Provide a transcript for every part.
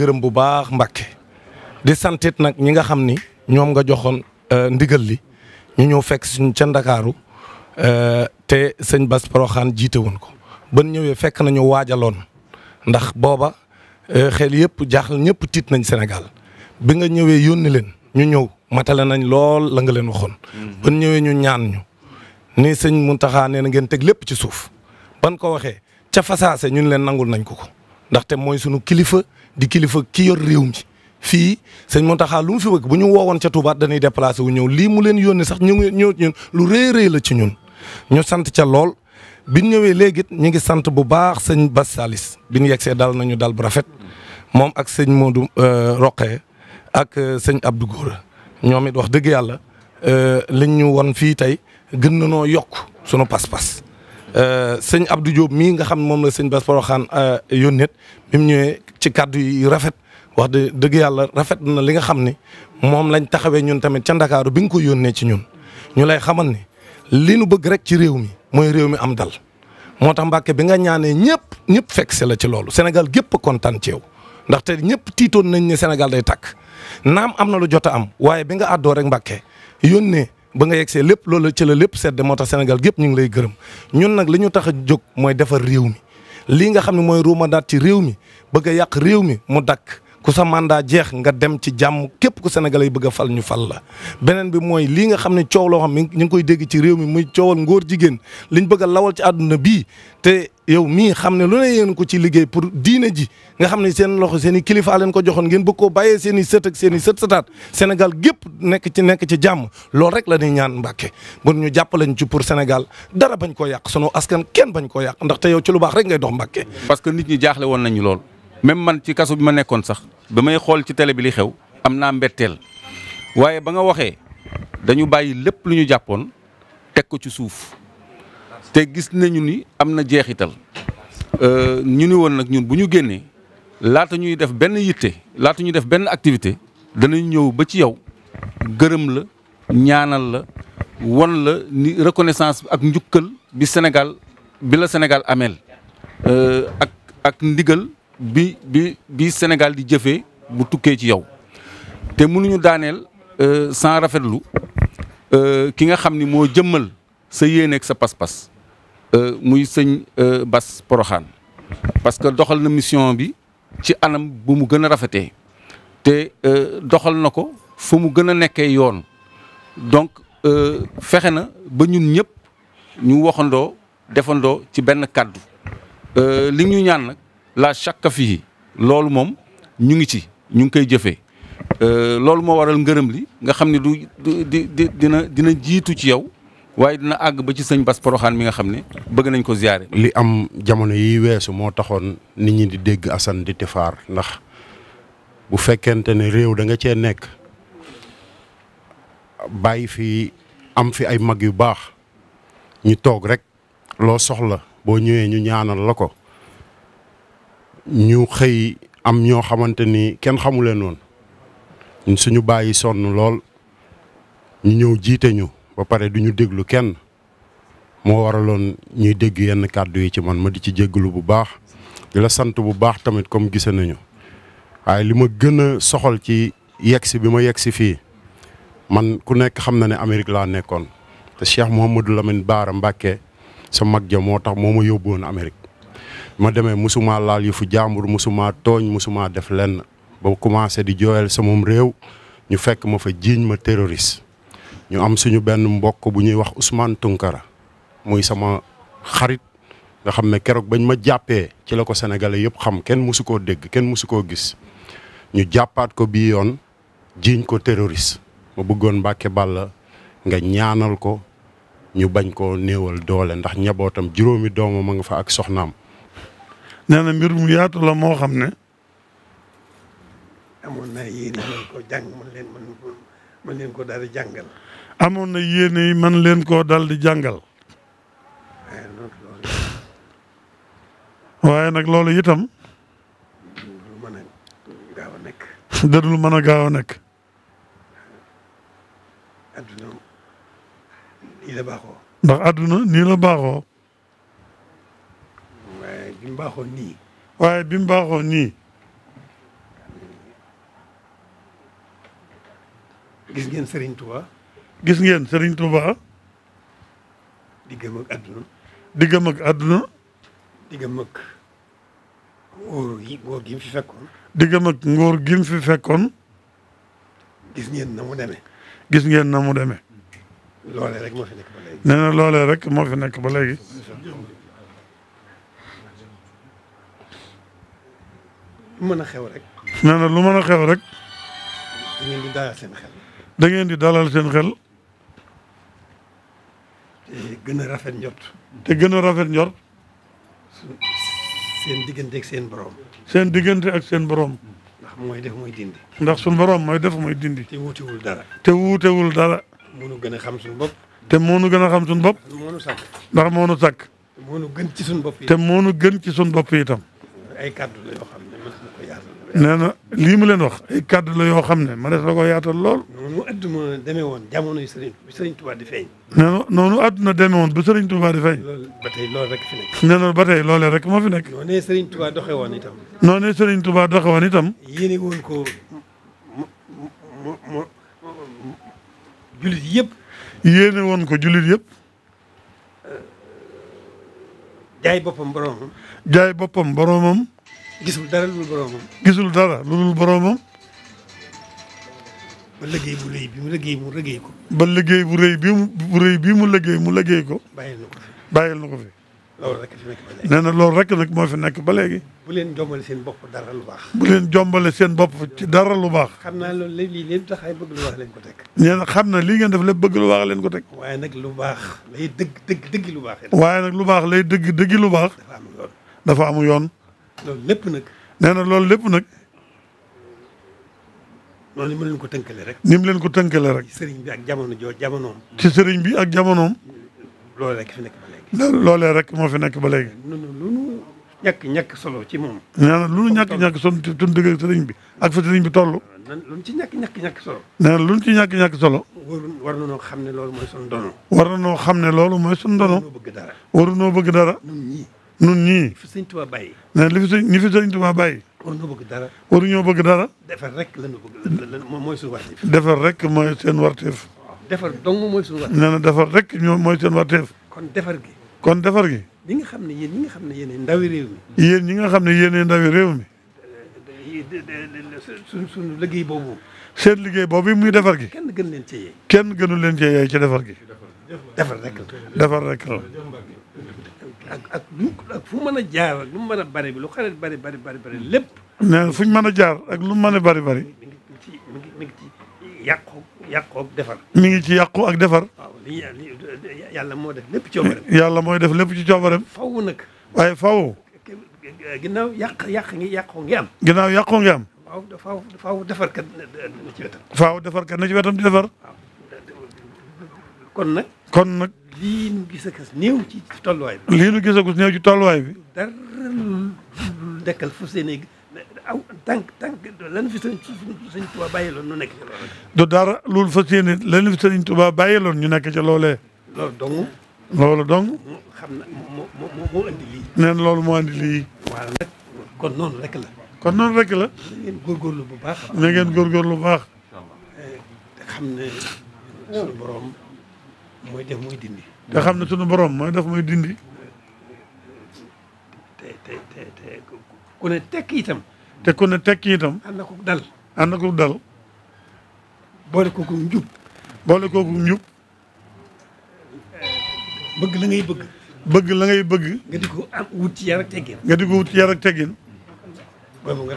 gërëm bu baax Mbàkke di santit nag ñi nga xam ni ñoom nga joxoon euh, ndigal li ñu ñëw fekk suñ ca Ndakaaru euh, te sëñ Bass Poroxaan jiite wun ko ban ñëwee fekk nañu waajaloon ndax booba euh, xel yëpp jaaxal ñëpp tiit nañ senegal bi nga ñëwee yónni leen ñu ñëw matale nañ lool la nga leen waxoon. Mm. ban ñëwee ñu ñaan ñu ni sëñ Muntaxa nee na ngeen teg lépp ci suuf ban ko waxee ca fasaase ñun leen nangul nañ ko ko. ndaxte mooy sunu kilifa di kilifa ki yor réew mi fii sëñ Mountakha lu mu fi wëgg bu ñu woowoon ca Touba dañuy déplacé wu ñëw lii mu leen yónnee sax ñu ngi ñëw ñun lu rëy rëy la ci ñun ñu sant ca lool. bi ñëwee léegi ñu ngi sant bu baax sëñ Bas Salis bi ñu yegsee dal nañu dal bu rafet moom ak sëñ Modou euh, Roqe ak euh, sëñ Abdou Gora ñoom it wax dëgg yàlla euh, liñ ñu won fii tey gën na noo yokk sunu pas-pas. Euh, sëñ Abdou Diop mii nga xam moom la sëñ Bass xaan euh, yónneet bi mu ñëwee ci kàddu yi rafet wax dë dëgg yàlla rafet na li nga xam ne moom lañ taxawee ñun tamit ca Ndakaaru bi nga ko yónnee ci ñun ñu lay xamal ni li nu bëgg rek ci réew mi mooy réew mi am dal moo tax Mbàkke bi nga ñaanee ñëpp ñëpp fekk si la ci loolu Sénégal gépp kontaan ci yow ndaxte ñëpp tiitoon nañ ne Sénégal day takk naam am na lu jot a am waaye bi nga àddoo rek Mbàkke yónnee ba nga yegsee lépp loolu ci la lépp sedd moo tax Sénégal gépp ñu ngi lay gërëm ñun nag li ñu tax a jóg mooy defar réew mi lii nga xam ne mooy ruuma daat ci réew mi bëgg a yàq réew mi mu dakk ku sa mandat jeex nga dem ci jàmm képp ku sénégalais yi bëgg a fal ñu fal la beneen bi mooy lii nga xam ne coow loo xam ne ñu ngi koy dégg ci réew mi muy coowal ngóor jigéen liñ bëgg a lawal ci àdduna bi te yow mii xam ne lu ne yéen ko ci liggéey pour diine ji nga xam ne seen loxo seen i kilifa leen ko joxoon ngeen bëgg koo bàyyee seen i sët ak seen i sët sëtaat gépp nekk ci nekk ci jàmm loolu rek la ñuy ñaan mbake bu ñu jàppalañ ci pour Sénégal dara bañ ko yàq sunu askan kenn bañ koo yàq ndaxte yow ci lu baax rek ngay dox Mbàkke parce que nit ñi woon nañu lool même man ci kaso bi ma nekkoon sax ba may xool ci tele bi li xew am naa mbetteel waaye ba nga waxee dañu bàyyi lépp lu ñu jàppoon teg ko ci suuf te gis nañu ni am na jeexital euh, ñu ni woon nag ñun bu ñu génnee laata ñuy def benn yitte laata ñuy def benn activité dana ñëw ba ci yow gërëm la ñaanal la won la ni reconnaissance ak njukkal bi senegal bi la Sénégal ameel euh, ak ak ndigal. bi bi bi Sénégal di jëfee bu tukkee ci yow te mënuñu daaneel euh, sans rafetlu euh, ki nga xam ni moo jëmmal sa yéene ak sa pas-pas euh, muy sëñ Bass Poroxaan parce que doxal na mission bi ci anam bu mu gën a rafetee te doxal na ko fu mu gën a nekkee yoon donc fexe na ba ñun ñëpp ñu waxandoo defandoo ci benn kàddu li ñu ñaan nag la chaque fii loolu moom ñu ngi ci ñu ngi koy jëfee euh, loolu moo waral ngërëm li nga xam ne du di di dina dina jiitu ci yow waaye dina àgg ba ci sëñ Bass Poroxaan mi nga xam ne bëgg nañ ko ziyaare. li am jamono yi weesu moo taxoon nit ñi di dégg Assane di tifaar ndax bu fekkente ne réew danga cee nekk bàyyi fi am fi ay mag yu baax ñu toog rek loo soxla boo ñëwee ñu ñaanal la ko. ñu xëy am ñoo xamante ni kenn xamu leen woon ñun suñu bàyyi sonn lool ñu ñëw jiite ñu ba pare duñu déglu kenn moo waraloon ñuy dégg yenn kàddu yi ci man ma di ci jégalu bu baax di la sant bu baax tamit comme gise nañu waaye li ma gën a soxal ci yegsi bi ma yegsi fii man ku nekk xam na ne Amérique laa nekkoon te Cheikh Mouhamadou Lamine Baara Mbacke sa mag ja moo tax moo ma yóbbu woon Amérique. ma demee musuma laal yu fu jàmbur musuma tooñ musuma def lenn ba commencé di jooyal sama réew ñu fekk ma fa jiiñ ma terroriste ñu am suñu benn mbokk bu ñuy wax Ousmane Tunkara muy sama xarit nga xam ne keroog bañ ma jàppee ci la ko sénégalais yëpp xam kenn musu koo dégg kenn musu koo gis ñu jàppaat ko bii yoon jiiñ ko terroriste ma bëggoon Mbàkke Bàlla nga ñaanal ko ñu bañ koo néewal doole ndax ñabootam juróomi doomam a nga fa ak soxnaam nee na mbir mu yaatu la moo xam ne. amoon na yéene mën ko jàng leen ko daal di jàngal. amoon na yéene yi leen koo daal jàngal. waaye nag loolu itam. dadul mën a gaaw a nekk. adduna nii nii la baaxoo. bi baaxoon nii. waaye bi mu baaxoon nii. gis ngeen sëriñtuwa gis ngeen Serigne Touba. diggam ak àdduna. diggam ak àdduna. diggam ak ngóor gi ngóor gi mu fi fekkoon. diggam ak ngóor gi gis geen na mu demee. gis ngeen na mu demee. loolee rek moo fi nekk ba léegi. nekk ba mën a xew rek. nee na lu mën a xew rek. da ngeen di dalal seen xel. da di dalal seen xel. te gën a rafet njot te gën a rafet njot seen diggante ak seen borom. seen diggante ak seen borom. ndax mooy def mooy dindi. ndax sunu borom mooy def mooy dindi. te wuutewul dara. te wuutewul dara. moonu gën a xam suñu bopp. te moonu gën a xam suñu bopp. moonu sàkk. ndax moonu sàkk. te moonu gën ci suñu bopp yi. te moonu gën ci suñu bopp itam. ay kàddu nee na lii mu leen wax ay la yoo xam ne ma des la ko yaatal lool. noonu adduna demee woon jamonoy Serigne bu Serigne Touba di feeñ. nee na noonu adduna demee woon bu Serigne Touba di feeñ. loolu ba tey loolu rek fi fi nekk. noonee Serigne Touba doxee woon itam. noonee Serigne Touba doxee woon itam. ko mu mu mu jullit yëpp. yéene woon ko jullit yëpp. jaay boppam boromam. jaay boppam boromam. gis dara lu dul boromam. gisul dara lu dul boromam. ba liggéey bu rëy bi mu liggéey mu liggéey ko. ba liggéey bu rëy bi mu bu rëy mu liggéey mu liggéey ko. bàyyil na ko fi bàyyil na ko fi. loolu rek fi na loolu rek nag moo fi nekk ba léegi. bu leen jombale seen bopp dara lu baax. bu leen jombale seen bopp ci dara lu baax. xam naa loolu léegi lii leen ay bëgg lu baax leen ko teg. nee na xam na lii def lépp bëgg lu baax leen ko teg. waaye nag lu baax lay dëgg dëgg dëgg lu baax. waaye lu baax lay dëgg dëgg lu baax. dafa am yoon. loolu lépp nag. nee loolu lépp nag. noonu ni mu leen ko tënkale rek. ni mu leen ko tënkale rek. ci sëriñ bi ak jamono joo jamonoom. ci sëriñ bi ak jamonoom. loolee rek fi nekk ba léegi. loolee rek moo fi nekk ba léegi. lu nu ñàkk ñàkk solo ci moom. nee na lu nu ñàkk ñàkk solo ci tund dëgg sëriñ bi ak fa sëriñ bi toll. Ah, lu nu ci ñàkk ñàkk ñàkk solo. nee na lu nu ci ñàkk ñàkk solo. war na noo xam ne loolu mooy sunu ndono. war na noo xam ne loolu mooy sunu ndono. waru noo bëgg dara. waru noo bëgg dara. ñun nun ñii. li fi sëñ Tuubaa bàyyi. nee li fi sëñ li fi sëñ Tuubaa bàyyi. waruñoo bëgg dara. waruñoo bëgg dara. defar rek lañu bëgg mooy suñu defar rek mooy seen warteef. defar dong mooy suñu warteef. nee defar rek ñoom mooy seen warteef. kon defar gi. kon defar gi. ñi nga xam ne yéen ñi nga xam ne yéenay ndawi réew mi. yéen ñi nga xam ne yéenay ndawi réew mi. suñ suñu liggéey boobu. seen liggéey boobu muy defar gi. kenn gënu leen ci yee. kenn gënu leen cee yee ci defar gi. defar rek la rek ak ak lu mën a jaar ak lu mu mën a bari bi lu xarit bari bari bari bari lépp. nee fu mën a jaar ak lu mu mën a bari bari. mi ci mi yàqu yàqu ak defar. mi ngi ci yàqu ak defar. waaw moo def lépp ci coobareem. yàlla mooy def lépp ci coobareem. faww nag. waaye faww. ginnaaw yàq yàq ngi yàqoo ngi am. ginnaaw yàqoo ngi am. waaw faaw faaw defarkat na ci wetam. ci wetam di defar. waaw kon nag. lii nu gisagus néew ci tolluwaay bi. lii nu gisagus néew ci tolluwaay bi. dara lu dekkal fu seen aw tànk tànk lan fi Tuba bàyyiloon ñu nekk ca loolee. du dara loolu fas yéene lan fi sëñ Tuba ñu nekk ca loolee. loolu dong. loolu dong. xam na moo moo moo andi kon noonu rek la. kon noonu rek la. na ngeen góorgóorlu bu baax. na ngeen góorgóorlu baax. Eh, xam mooy def mooy dindi. te xam ne sunu borom mooy def mooy dindi. te te te te ku ne itam. te ku ne tekki itam. ànd ko dal boole kooku njub. boole kooku njub. bëgg la ngay bëgg. bëgg la ngay bëgg. nga di ko am wut ci yar ak teggin. nga yar ak teggin. booy boo nga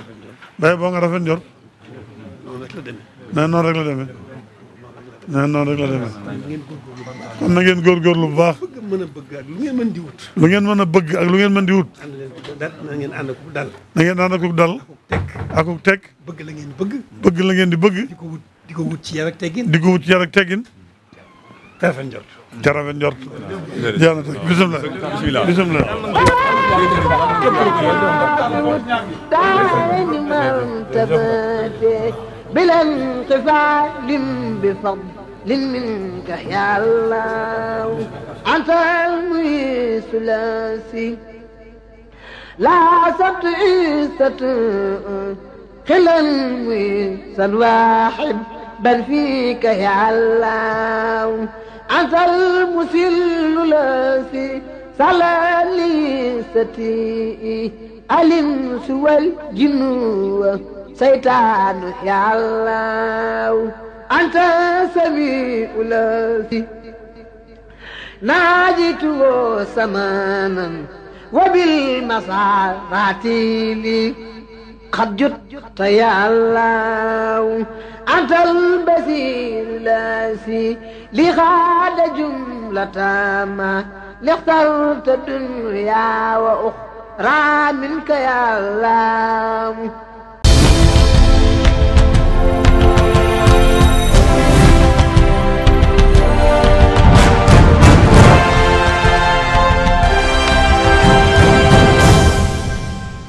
rafet njor. booy boo rek la demee. nee noonu rek la demee kon na ngeen góorgóorlu bu baax. lu ngeen mën di wut. lu ngeen mën a bëgg ak lu ngeen mën di wut. na ngeen ànd akuk dal. na ngeen ànd akuk dal. akuk teg. bëgg la ngeen bëgg. bëgg la ngeen di bëgg. di ko wut di ko wut ci yar ak teggin. di ko wut ci yar ak teggin. Jarafe Njort. Jarafe Njort. jaana teg bisimilah bisimilah. bisimilah. بلا انقفال بفضل منك يا الله أنت علمي ثلاثي لا سبت إيسة خلا ويسا واحد بل فيك يا الله أنت المسل لاسي سلالي ستي الإنس والجنوة seytaanu yàllaaw anta samiu laasi naajitu woo samaanan wa bil masaaraatili qad jutta yàllaaw anta albasiiru laasi li xaada jumlataama lixtarta dunyaa wa uxraa minka yàllaaw